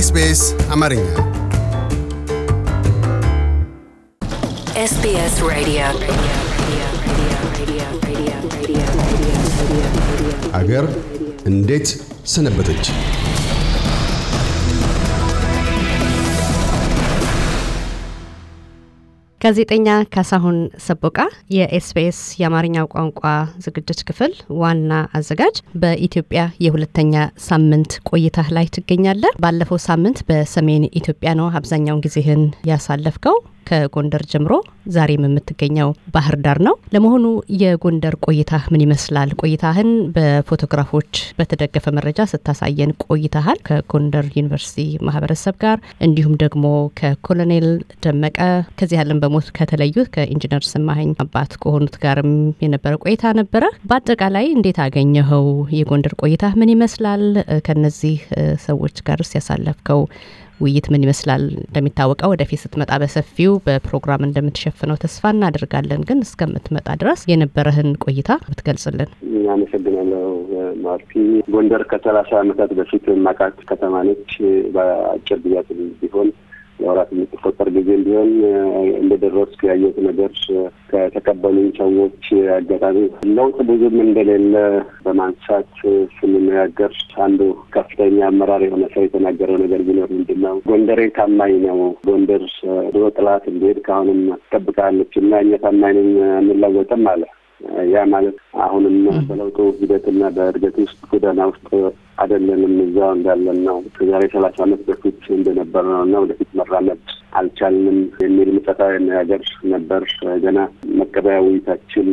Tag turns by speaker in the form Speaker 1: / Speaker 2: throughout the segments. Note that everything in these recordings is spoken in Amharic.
Speaker 1: ኤስቢኤስ አማርኛ
Speaker 2: ኤስቢኤስ ሬዲዮ
Speaker 1: አገር እንዴት ሰነበተች?
Speaker 2: ጋዜጠኛ ካሳሁን ሰቦቃ የኤስቢኤስ የአማርኛው ቋንቋ ዝግጅት ክፍል ዋና አዘጋጅ፣ በኢትዮጵያ የሁለተኛ ሳምንት ቆይታህ ላይ ትገኛለህ። ባለፈው ሳምንት በሰሜን ኢትዮጵያ ነው አብዛኛውን ጊዜህን ያሳለፍከው። ከጎንደር ጀምሮ ዛሬም የምትገኘው ባህር ዳር ነው። ለመሆኑ የጎንደር ቆይታህ ምን ይመስላል? ቆይታህን በፎቶግራፎች በተደገፈ መረጃ ስታሳየን ቆይታሃል ከጎንደር ዩኒቨርሲቲ ማህበረሰብ ጋር እንዲሁም ደግሞ ከኮሎኔል ደመቀ ከዚህ ዓለም በሞት ከተለዩት ከኢንጂነር ስማኸኝ አባት ከሆኑት ጋርም የነበረ ቆይታ ነበረ። በአጠቃላይ እንዴት አገኘኸው? የጎንደር ቆይታህ ምን ይመስላል? ከነዚህ ሰዎች ጋር ሲያሳለፍከው ውይይት ምን ይመስላል? እንደሚታወቀው ወደፊት ስትመጣ በሰፊው በፕሮግራም እንደምትሸፍነው ተስፋ እናደርጋለን። ግን እስከምትመጣ ድረስ የነበረህን ቆይታ ብትገልጽልን።
Speaker 1: አመሰግናለሁ ማርቲ። ጎንደር ከሰላሳ ዓመታት በፊት ማቃት ከተማ ነች። በአጭር ጊዜ ቢሆን የወራት የሚቆጠር ጊዜ ቢሆን እንደደረስኩ ያየሁት ነገር ከተቀበሉኝ ሰዎች አጋጣሚ ለውጥ ብዙም እንደሌለ በማንሳት ስንነጋገር አንዱ ከፍተኛ አመራር የሆነ ሰው የተናገረው ነገር ቢኖር ምንድን ነው፣ ጎንደሬ ታማኝ ነው። ጎንደር ድሮ ጥላት እንዲሄድ ከአሁንም ጠብቃለች እና እኛ ታማኝ ነን አንለወጥም አለ። ያ ማለት አሁንም በለውጡ ሂደትና በእድገት ውስጥ ጎዳና ውስጥ አይደለንም፣ እዛው እንዳለን ነው። ከዛሬ ሰላሳ አመት በፊት እንደነበር ነው እና ወደፊት መራመድ አልቻልንም የሚል ምጸታዊ ነገር ነበር ገና መቀበያ ውይይታችን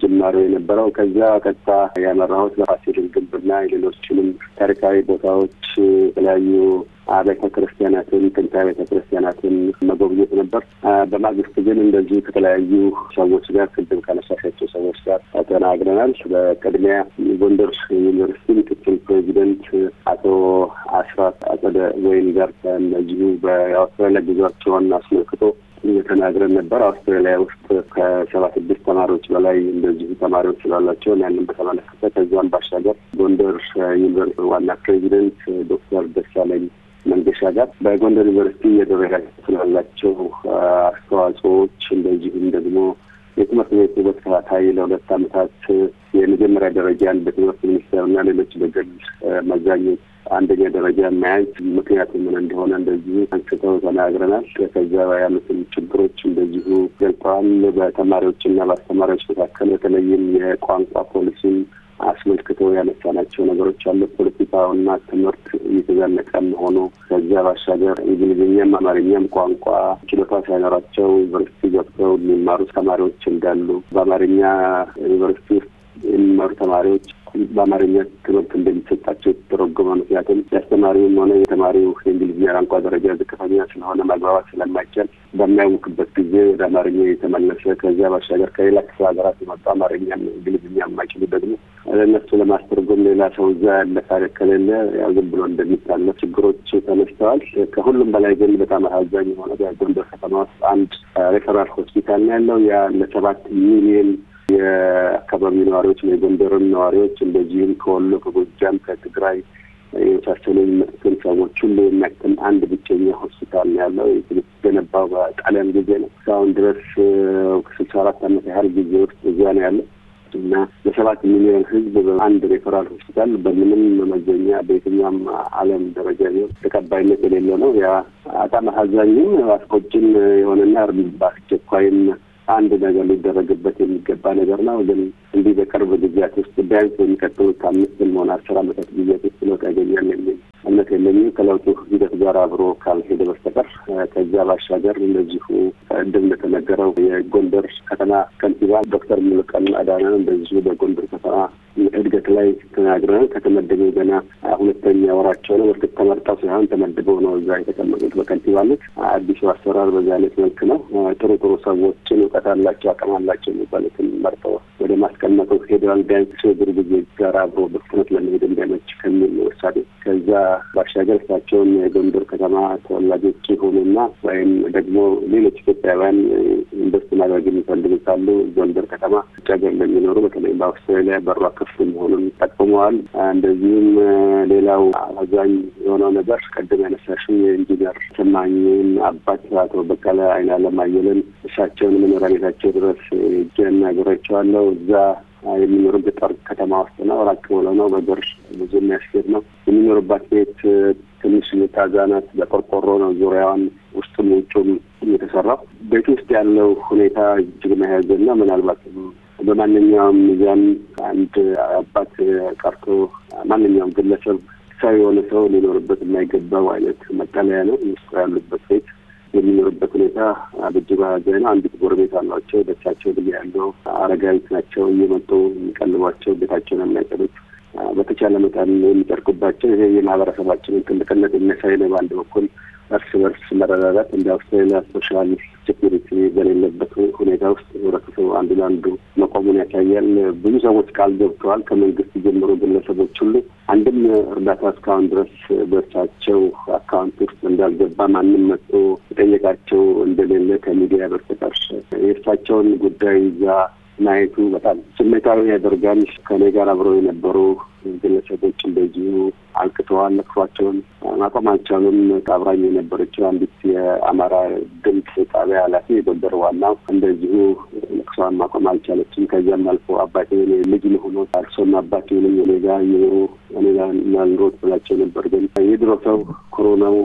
Speaker 1: ጅማሮ የነበረው። ከዚያ ቀጥታ ያመራሁት ለፋሲል ግንብና የሌሎችንም ታሪካዊ ቦታዎች የተለያዩ አብያተ ክርስቲያናትን፣ ጥንታዊ ቤተ ክርስቲያናትን መጎብኘት ነበር። በማግስት ግን እንደዚህ ከተለያዩ ሰዎች ጋር ቅድም ካነሳሻቸው ሰዎች ጋር ተናግረናል። በቅድሚያ ጎንደር ዩኒቨርሲቲ ምክትል ፕሬዚደንት አቶ አስራት አጸደ ወይን ጋር ከእነዚሁ በአውስትራሊያ ጉዟቸውን አስመልክቶ ተናግረን ነበር። አውስትራሊያ ውስጥ ከሰባ ስድስት ተማሪዎች በላይ እንደዚሁ ተማሪዎች ስላላቸው ያንን በተመለከተ ከዚያም ባሻገር ጎንደር ዩኒቨርሲቲ ዋና ፕሬዚደንት ዶክተር ደሳለኝ መንገሻ ጋር በጎንደር ዩኒቨርሲቲ የደረጋ ስላላቸው አስተዋጽኦዎች እንደዚሁም ደግሞ የትምህርት ቤቱ በተከታታይ ለሁለት ዓመታት የመጀመሪያ ደረጃን በትምህርት ሚኒስቴርና ሌሎች በግል መዛኞች አንደኛ ደረጃ መያዝ ምክንያቱ ምን እንደሆነ እንደዚሁ አንስተው ተናግረናል። ከዛ ያሉትን ችግሮች እንደዚሁ ገልጠዋል። በተማሪዎችና በአስተማሪዎች መካከል በተለይም የቋንቋ ፖሊሲን አስመልክቶ ያነሳናቸው ነገሮች አሉ። ፖለቲካውና ትምህርት እየተዘነቀ መሆኑ፣ ከዚያ ባሻገር እንግሊዝኛም አማርኛም ቋንቋ ችሎታ ሳይኖራቸው ዩኒቨርሲቲ ገብተው የሚማሩ ተማሪዎች እንዳሉ በአማርኛ ዩኒቨርሲቲ ውስጥ የሚማሩ ተማሪዎች በአማርኛ ትምህርት እንደሚሰጣቸው የተተረጎመ። ምክንያቱም የአስተማሪውም ሆነ የተማሪው የእንግሊዝኛ ቋንቋ ደረጃ ዝቅተኛ ስለሆነ ማግባባት ስለማይቻል በሚያውቅበት ጊዜ ወደ አማርኛ የተመለሰ ከዚያ ባሻገር ከሌላ ክፍለ ሀገራት የመጡ አማርኛ እንግሊዝኛ የማይችሉ ደግሞ ለእነሱ ለማስተርጎም ሌላ ሰው እዛ ያለ ታሪክ ከሌለ ያው ዝም ብሎ እንደሚታለፍ ችግሮች ተነስተዋል። ከሁሉም በላይ ግን በጣም አሳዛኝ የሆነ ጎንደር ከተማ ውስጥ አንድ ሬፈራል ሆስፒታል ነው ያለው ያ ለሰባት ሚሊየን የአካባቢ ነዋሪዎች የጎንደርን ነዋሪዎች እንደዚህም ከወሎ ከጎጃም ከትግራይ የመሳሰሉ የሚመጡትን ሰዎች ሁሉ የሚያክም አንድ ብቸኛ ሆስፒታል ነው ያለው። የተገነባው በጣሊያን ጊዜ ነው። እስካሁን ድረስ ከስልሳ አራት አመት ያህል ጊዜ ውስጥ እዚያ ነው ያለው እና በሰባት ሚሊዮን ህዝብ በአንድ ሬፈራል ሆስፒታል በምንም መመዘኛ በየትኛውም ዓለም ደረጃ ቢሆን ተቀባይነት የሌለው ነው። ያ በጣም አሳዛኝም አስቆጭም የሆነና በአስቸኳይም አንድ ነገር ሊደረግበት የሚገባ ነገር ነው ግን እንዲህ በቅርብ ጊዜያት ውስጥ ቢያንስ በሚቀጥሉት አምስትም ሆነ አስር አመታት ጊዜያት ውስጥ ለውጥ ያገኛል የሚል እምነት የለኝም። ከለውጡ ሂደት ጋር አብሮ ካልሄደ በስተቀር ከዚያ ባሻገር እንደዚሁ ቅድም እንደተነገረው የጎንደር ከተማ ከንቲባ ዶክተር ሙሉቀን አዳና እንደዚሁ በጎንደር ከተማ እድገት ላይ ተናግረን ከተመደበ ገና ሁለተኛ ወራቸው ነው። በርግጥ ተመርጠው ሳይሆን ተመድበው ነው እዛ የተቀመጡት በከንቲባነት። አዲሱ አሰራር በዚህ አይነት መልክ ነው። ጥሩ ጥሩ ሰዎችን እውቀት አላቸው፣ አቅም አላቸው የሚባሉትን መርጠው ወደ ማስቀመጠው ፌዴራል ቢያንስ እግር ጊዜ ጋር አብሮ በፍጥነት ለመሄድ እንዳይመች ከሚል ወሳኔ ከዛ ባሻገር እሳቸውን የጎንደር ከተማ ተወላጆች የሆኑና ወይም ደግሞ ሌሎች ኢትዮጵያውያን ኢንቨስት ማድረግ የሚፈልጉ ካሉ ጎንደር ከተማ ውጭ ሀገር እንደሚኖሩ በተለይም በአውስትራሊያ በሯ ክፍት መሆኑን ቆመዋል። እንደዚሁም ሌላው አዛኝ የሆነው ነገር ቀድም ያነሳሽው የኢንጂነር ስማኝን አባት አቶ በቀለ አይን አለማየልን እሳቸውን መኖሪያ ቤታቸው ድረስ ጀና ገረቸዋለሁ እዛ የሚኖርበት ጠርግ ከተማ ውስጥ ነው። ራቅ ብሎ ነው፣ በእግር ብዙ የሚያስኬድ ነው። የሚኖርባት ቤት ትንሽ የታዛናት በቆርቆሮ ነው ዙሪያዋን ውስጡም ውጩም የተሰራው። ቤት ውስጥ ያለው ሁኔታ እጅግ መያዘና ምናልባት በማንኛውም ዛም አንድ አባት ቀርቶ ማንኛውም ግለሰብ ሰው የሆነ ሰው ሊኖርበት የማይገባው አይነት መጠለያ ነው። እሱ ያሉበት ቤት የሚኖርበት ሁኔታ በእጅጉ አሳዛኝ ነው። አንዲት ጎረቤት አሏቸው። ቤታቸው ብ ያለው አረጋዊት ናቸው። እየመጡ የሚቀልቧቸው ቤታቸውን የማይቀሩት በተቻለ መጠን የሚጠርቁባቸው ይሄ የማህበረሰባችንን ትልቅነት የሚያሳይ ነው በአንድ በኩል እርስ በርስ መረዳዳት እንደ አውስትራሊያ ሶሻል ሴኩሪቲ በሌለበት ሁኔታ ውስጥ ህብረተሰቡ አንዱ ለአንዱ መቆሙን ያሳያል። ብዙ ሰዎች ቃል ገብተዋል። ከመንግስት ጀምሮ ግለሰቦች ሁሉ አንድም እርዳታ እስካሁን ድረስ በእርሳቸው አካውንት ውስጥ እንዳልገባ ማንም መጥቶ የጠየቃቸው እንደሌለ ከሚዲያ በስተቀር የእርሳቸውን ጉዳይ ይዛ ማየቱ በጣም ስሜታዊ ያደርጋል። ከኔ ጋር አብረው የነበሩ ግለሰቦች እንደዚሁ አልቅተዋል። ለቅሷቸውን ማቆም አልቻሉም። አብራኝ የነበረችው አንዲት የአማራ ድምፅ ጣቢያ ኃላፊ የጎንደር ዋናው እንደዚሁ ለቅሷን ማቆም አልቻለችም። ከዚያም አልፎ አባቴ ልጅ መሆኖ አልሶም አባቴንም እኔ ጋር እየኖሩ እኔ ናልሮት ብላቸው ነበር። ግን የድሮ ሰው ኮሮናው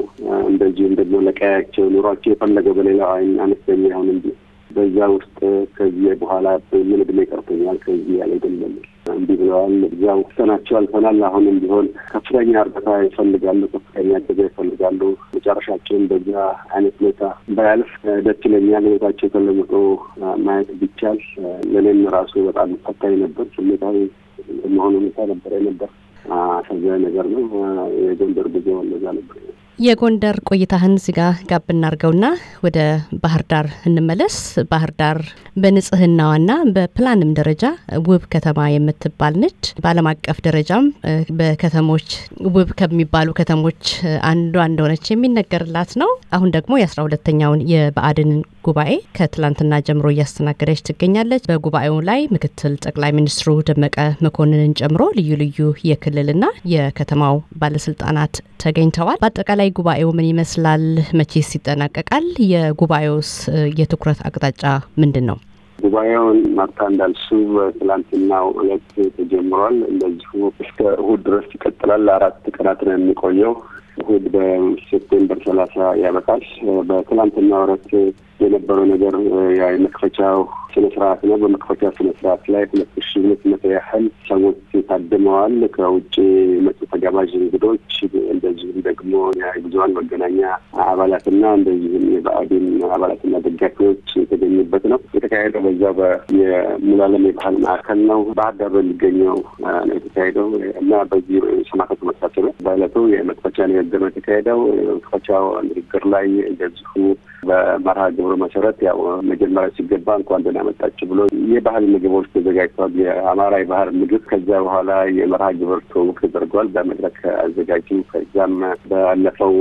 Speaker 1: እንደዚሁም ደግሞ ለቀያቸው ኑሯቸው የፈለገው በሌላው አይን አነስተኛ አሁን እንዲህ በዛ ውስጥ ከዚህ በኋላ ምን ዕድሜ ቀርቶኛል ከዚህ ያለ አይደለም እንዲህ ብለዋል። እዛ ፈተናቸው አልፈናል። አሁንም ቢሆን ከፍተኛ እርዳታ ይፈልጋሉ፣ ከፍተኛ እገዛ ይፈልጋሉ። መጨረሻቸውን በዛ አይነት ሁኔታ ባያልፍ ደስ ይለኛል። ህይወታቸው ተለውጦ ማየት ቢቻል ለእኔም ራሱ በጣም ፈታኝ ነበር። ስሜታዊ መሆኑ ሁኔታ ነበር የነበር አሳዛኝ ነገር ነው። የጎንደር ጉዞ እንደዛ ነበር።
Speaker 2: የጎንደር ቆይታህን ስጋ ጋብ እናርገውና ወደ ባህር ዳር እንመለስ። ባህር ዳር በንጽህናዋና በፕላንም ደረጃ ውብ ከተማ የምትባል ነች። በዓለም አቀፍ ደረጃም በከተሞች ውብ ከሚባሉ ከተሞች አንዷ እንደሆነች የሚነገርላት ነው። አሁን ደግሞ የአስራ ሁለተኛውን የበአድን ጉባኤ ከትላንትና ጀምሮ እያስተናገደች ትገኛለች። በጉባኤው ላይ ምክትል ጠቅላይ ሚኒስትሩ ደመቀ መኮንንን ጨምሮ ልዩ ልዩ የክልልና የከተማው ባለስልጣናት ተገኝተዋል። በአጠቃላይ ጉባኤው ምን ይመስላል? መቼስ ይጠናቀቃል? የጉባኤውስ የትኩረት አቅጣጫ ምንድን ነው?
Speaker 1: ጉባኤውን ማርታ እንዳልሱ በትላንትናው እለት ተጀምሯል። እንደዚሁ እስከ እሁድ ድረስ ይቀጥላል። አራት ቀናት ነው የሚቆየው። እሁድ በሴፕቴምበር ሰላሳ ያበቃል። በትናንትና ወረት የነበረው ነገር የመክፈቻው ስነ ስርዓት ነው። በመክፈቻው ስነ ስርዓት ላይ ሁለት ሺ ሁለት መቶ ያህል ሰዎች ታድመዋል። ከውጭ ተጋባዥ እንግዶች እንደዚሁም ደግሞ የብዙሀን መገናኛ አባላትና እንደዚሁም የብአዴን አባላትና ደጋፊዎች የተገኙበት ነው የተካሄደው። በዛው የሙሉዓለም የባህል ማዕከል ነው ባህር ዳር በሚገኘው ነው የተካሄደው እና በዚህ ሰማዕታቱ መታሰቢያ በዕለቱ የመክፈቻ ንግግር ነው የተካሄደው። መክፈቻው ንግግር ላይ እንደዚሁ በመርሃ ግብሩ መሰረት ያው መጀመሪያ ሲገባ እንኳን ደህና መጣችሁ ብሎ የባህል ምግቦች ተዘጋጅተዋል። የአማራ የባህል ምግብ ከዚያ በኋላ የመርሃ ግብር ትውውቅ ተደርጓል በመድረክ አዘጋጁ። ከዚያም ባለፈው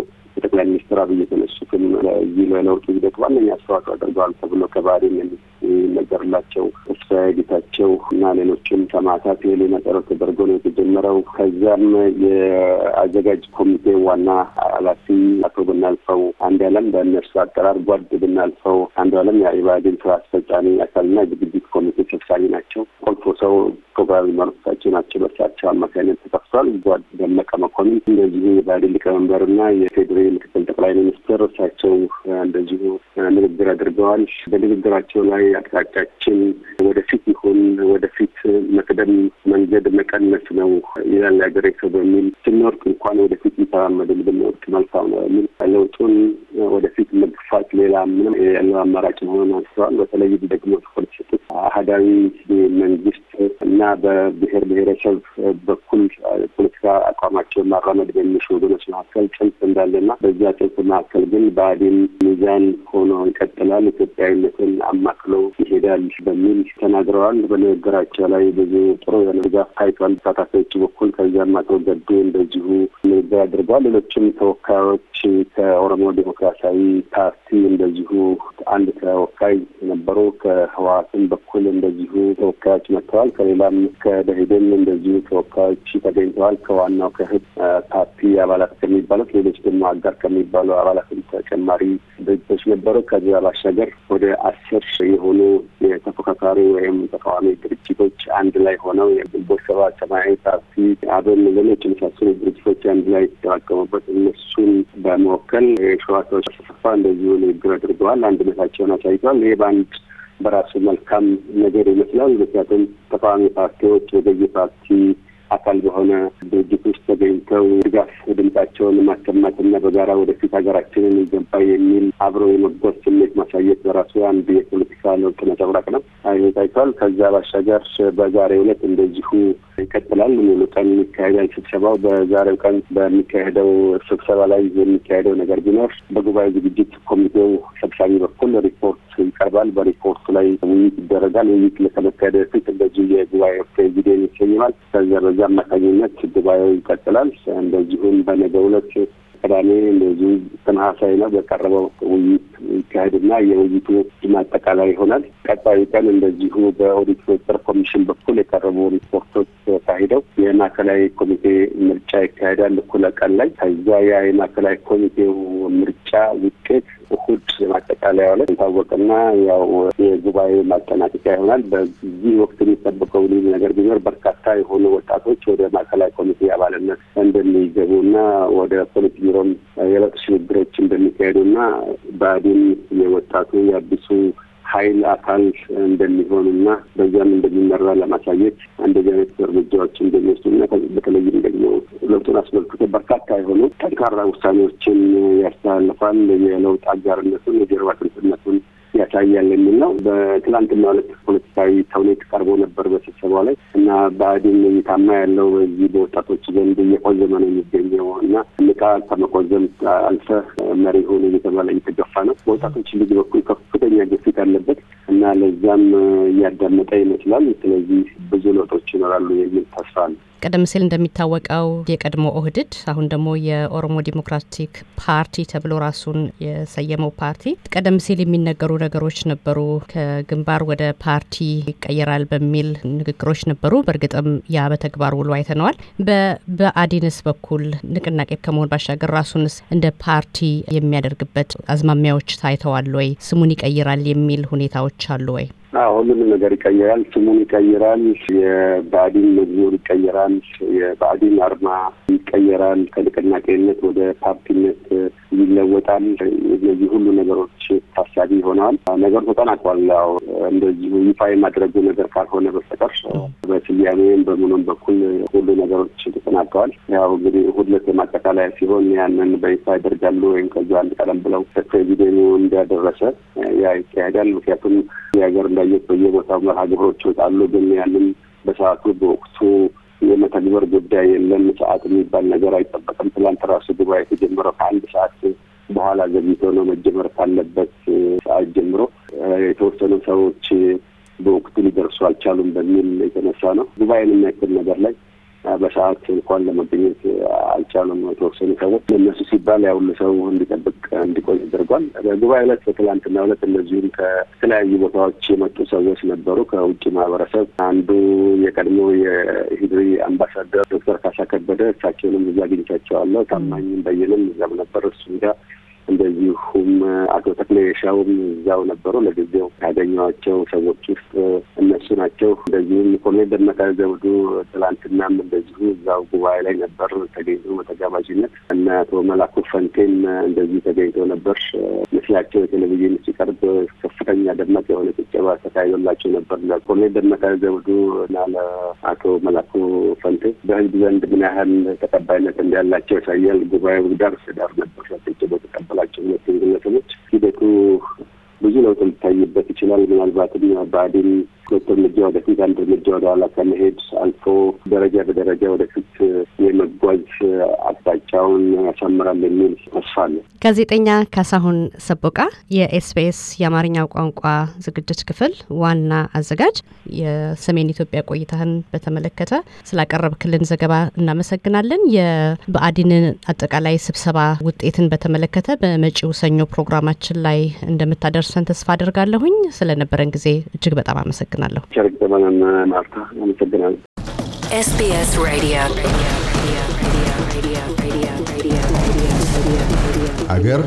Speaker 1: ከጠቅላይ ሚኒስትር አብይ የተነሱትን ለዚህ ለለውጡ ሂደት ዋነኛ አስተዋጽኦ አድርገዋል ተብሎ ከባህሪን የሚነገርላቸው ተስፋ ጌታቸው እና ሌሎችም ሰማዕታት የህሊና ጸሎት ተደርጎ ነው የተጀመረው። ከዚያም የአዘጋጅ ኮሚቴ ዋና ኃላፊ አቶ ብናልፈው አንድ አለም በእነርሱ አጠራር ጓድ ብናልፈው አንዱ አለም የባህሪን ስራ አስፈጻሚ አካልና ዝግጅት ኮሚቴ ሰብሳቢ ናቸው። ቆልፎ ሰው ህዝባዊ መርሳቸው ናቸው በእርሳቸው አማካኝነት ተጠቅሷል። ደመቀ መኮንን እንደዚሁ የባህዴን ሊቀመንበርና የፌዴሬ ምክትል ጠቅላይ ሚኒስትር እሳቸው እንደዚሁ ንግግር አድርገዋል። በንግግራቸው ላይ አቅጣጫችን ወደፊት ይሁን ወደፊት መቅደም መንገድ መቀነስ ነው ይላል ያገሬ ሰው በሚል ስንወርቅ እንኳን ወደፊት ይተራመድን ብንወርቅ መልካም ነው የሚል ለውጡን ወደፊት መግፋት ሌላ ምንም ያለው አማራጭ መሆን አንስተዋል። በተለይም ደግሞ ትኩረት የሰጡት አህዳዊ መንግስት እና በብሔር ብሔረሰብ በኩል ፖለቲካ አቋማቸውን ማራመድ በሚሹ ወገኖች መካከል ጥልፍ እንዳለና በዛ ጥልፍ መካከል ግን ብአዴን ሚዛን ሆኖ ይቀጥላል፣ ኢትዮጵያዊነትን አማክለው ይሄዳል በሚል ተናግረዋል። በንግግራቸው ላይ ብዙ ጥሩ የሆነ ድጋፍ ታይቷል ተሳታፊዎቹ በኩል። ከዚያም አቶ ገዱ እንደዚሁ ንግግር አድርገዋል። ሌሎችም ተወካዮች ከኦሮሞ ዴሞክራሲያዊ ፓርቲ እንደዚሁ አንድ ተወካይ ነበሩ። ከህወሓትም በኩል እንደዚሁ ተወካዮች መጥተዋል። ከሌላም ከደኢህዴን እንደዚሁ ተወካዮች ተገኝተዋል። ከዋናው ከህብ ፓርቲ አባላት ከሚባሉት ሌሎች ደግሞ አጋር ከሚባሉ አባላትም ተጨማሪ ድርጅቶች ነበሩ። ከዚያ ባሻገር ወደ አስር የሆኑ የተፎካካሪ ወይም ተቃዋሚ ድርጅቶች አንድ ላይ ሆነው የግንቦት ሰባት ሰማያዊ ፓርቲ፣ አብን፣ ሌሎች የመሳሰሉ ድርጅቶች አንድ ላይ የተዋቀሙበት እነሱን በመወከል የሸዋታዎች ስፋ እንደዚሁ ንግግር አድርገዋል። አንድነታቸውን አሳይተዋል። ይሄ በአንድ በራሱ መልካም ነገር ይመስላል። ምክንያቱም ተቃዋሚ ፓርቲዎች የገዢ ፓርቲ አካል በሆነ ድርጅት ውስጥ ተገኝተው ድጋፍ ድምጻቸውን ማሰማትና በጋራ ወደፊት ሀገራችንን ይገባ የሚል አብሮ የመጎት ስሜት ማሳየት በራሱ አንድ የፖለቲካ ለውጥ ነጸብራቅ ነው። አይነት አይቷል። ከዛ ባሻገር በዛሬው ዕለት እንደዚሁ ይቀጥላል። ሙሉ ቀን ይካሄዳል ስብሰባው። በዛሬው ቀን በሚካሄደው ስብሰባ ላይ የሚካሄደው ነገር ቢኖር በጉባኤ ዝግጅት ኮሚቴው ሰብሳቢ በኩል ሪፖርት ይቀርባል። በሪፖርቱ ላይ ውይይት ይደረጋል። ውይይት ለተመካሄደ ፊት እንደዚሁ የጉባኤ ፕሬዚደንት ይሰየማል። በዛ በዛ አማካኝነት ጉባኤው ይቀጥላል። እንደዚሁም በነገ ሁለት ቅዳሜ እንደዚሁ ተመሳሳይ ነው በቀረበው ውይይት ይካሄድና የውይይቱ ማጠቃላይ ይሆናል። ቀጣዩ ቀን እንደዚሁ በኦዲት ቁጥጥር ኮሚሽን በኩል የቀረቡ ሪፖርቶች ተካሂደው የማዕከላዊ ኮሚቴ ምርጫ ይካሄዳል እኩለ ቀን ላይ። ከዛ ያ የማዕከላዊ ኮሚቴው ምርጫ ውጤት እሁድ የማጠቃለያ ዕለት ታወቅና ያው ጉባኤ ማጠናቀቂያ ይሆናል። በዚህ ወቅት የሚጠበቀው ልዩ ነገር ቢኖር በርካታ የሆኑ ወጣቶች ወደ ማዕከላዊ ኮሚቴ አባልነት እንደሚገቡ እና ወደ ፖሊት ቢሮም የለውጥ ሽግግሮች እንደሚካሄዱ እንደሚካሄዱና ብአዴን የወጣቱ የአዲሱ ኃይል አካል እንደሚሆኑና በዚያም እንደሚመራ ለማሳየት እንደዚህ አይነት እርምጃዎች እንደሚወስዱና በተለይም ደግሞ ለውጡን አስመልክቶ በርካታ የሆኑ ጠንካራ ውሳኔዎችን ያስተላልፋል። የለውጥ አጋርነቱን የጀርባ ጥንትነቱን ያሳያል የሚል ነው። በትላንትና ሁለት ፖለቲካዊ ተውኔት ቀርቦ ነበር በስብሰባ ላይ እና ብአዴን እየታማ ያለው በዚህ በወጣቶች ዘንድ እየቆዘመ ነው የሚገኘው እና ንቃ ከመቆዘም አልፈ መሪ ሆኖ እየተባለ እየተገፋ ነው። በወጣቶች ልጅ በኩል ከፍተኛ ግፊት አለበት እና ለዛም እያዳመጠ ይመስላል። ስለዚህ ብዙ ለውጦች ይኖራሉ የሚል ተስፋ
Speaker 2: ነው። ቀደም ሲል እንደሚታወቀው የቀድሞ ኦህድድ አሁን ደግሞ የኦሮሞ ዲሞክራቲክ ፓርቲ ተብሎ ራሱን የሰየመው ፓርቲ ቀደም ሲል የሚነገሩ ነገሮች ነበሩ። ከግንባር ወደ ፓርቲ ይቀየራል በሚል ንግግሮች ነበሩ። በእርግጥም ያ በተግባር ውሎ አይተነዋል። በአዲንስ በኩል ንቅናቄ ከመሆን ባሻገር ራሱንስ እንደ ፓርቲ የሚያደርግበት አዝማሚያዎች ታይተዋል ወይ? ስሙን ይቀይራል የሚል ሁኔታዎች አሉ ወይ?
Speaker 1: ሁሉንም ነገር ይቀይራል። ስሙን ይቀይራል። የብአዴን መዝሙር ይቀይራል። የብአዴን አርማ ይቀየራል። ከንቅናቄነት ወደ ፓርቲነት ይለወጣል። እነዚህ ሁሉ ነገሮች ታሳቢ ሆነዋል። ነገሩ ተጠናቋል። እንደዚሁ ይፋ የማድረጉ ነገር ካልሆነ በስተቀር በስያሜም በምኑም በኩል ሁሉ ነገሮች ተጠናቀዋል። ያው እንግዲህ ሁለት ማጠቃለያ ሲሆን ያንን በይፋ ያደርጋሉ ወይም ከዚ አንድ ቀደም ብለው ፕሬዚደንቱ እንዳደረሰ ያ ይካሄዳል። ምክንያቱም የሀገር እንዳየት በየቦታው መርሃ ግብሮች ይወጣሉ። ግን ያንን በሰዓቱ በወቅቱ የመተግበር ጉዳይ የለም። ሰዓት የሚባል ነገር አይጠበቅም። ትላንት ራሱ ጉባኤ የተጀመረው ከአንድ ሰዓት በኋላ ዘግይቶ ነው መጀመር ካለበት ሰዓት ጀምሮ የተወሰኑ ሰዎች በወቅቱ ሊደርሱ አልቻሉም በሚል የተነሳ ነው። ጉባኤን የሚያክል ነገር ላይ በሰዓት እንኳን ለመገኘት አልቻሉም የተወሰኑ ሰዎች። ለእነሱ ሲባል ያው ለሰው እንዲጠብቅ እንዲቆይ አድርጓል። በጉባኤ ዕለት በትላንትና ዕለት እነዚሁም ከተለያዩ ቦታዎች የመጡ ሰዎች ነበሩ። ከውጭ ማህበረሰብ አንዱ የቀድሞ የሂድሪ አምባሳደር ዶክተር ካሳ ከበደ እሳቸውንም እዛ አግኝቻቸዋለሁ። ታማኝም በየነም እዛም ነበር እሱ ጋር እንደዚሁም አቶ ተክሌ ሻውም እዛው ነበሩ። ለጊዜው ያገኘኋቸው ሰዎች ውስጥ እነሱ ናቸው። እንደዚሁም ኮሎኔል ደመቀ ዘውዱ ትላንትናም እንደዚሁ እዛው ጉባኤ ላይ ነበር ተገኝቶ በተጋባዥነት እና አቶ መላኩ ፈንቴም እንደዚሁ ተገኝቶ ነበር። ምስላቸው የቴሌቪዥን ሲቀርብ ከፍተኛ ደማቅ የሆነ ጭብጨባ ተካሂዶላቸው ነበር። ለኮሎኔል ደመቀ ዘውዱ እና ለአቶ መላኩ ፈንቴ በህዝብ ዘንድ ምን ያህል ተቀባይነት እንዳላቸው ያሳያል። ጉባኤው ዳር ስዳር ነበር ጭብጨባ ተቀበላ ያላቸው ሁለቱ ግለሰቦች ሂደቱ ብዙ ለውጥ ሊታይበት ይችላል። ምናልባትም ብአዴን ሁለት እርምጃ ወደፊት፣ አንድ እርምጃ ወደ ከመሄድ አልፎ ደረጃ በደረጃ ወደፊት የመ እንዲጓዝ አቅጣጫውን ያሳምራል የሚል ተስፋ አለ።
Speaker 2: ጋዜጠኛ ካሳሁን ሰቦቃ የኤስቢኤስ የአማርኛው ቋንቋ ዝግጅት ክፍል ዋና አዘጋጅ፣ የሰሜን ኢትዮጵያ ቆይታህን በተመለከተ ስላቀረብክልን ዘገባ እናመሰግናለን። የብአዴንን አጠቃላይ ስብሰባ ውጤትን በተመለከተ በመጪው ሰኞ ፕሮግራማችን ላይ እንደምታደርሰን ተስፋ አድርጋለሁኝ። ስለነበረን ጊዜ እጅግ በጣም አመሰግናለሁ።
Speaker 1: ቸርቅ ዘመን ማርታ አመሰግናለሁ።
Speaker 2: SBS Radio.
Speaker 1: አገር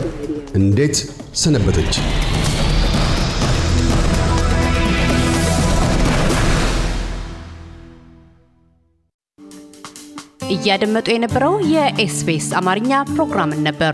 Speaker 1: እንዴት ሰነበተች?
Speaker 2: እያደመጡ የነበረው የኤስቢኤስ አማርኛ ፕሮግራምን ነበር።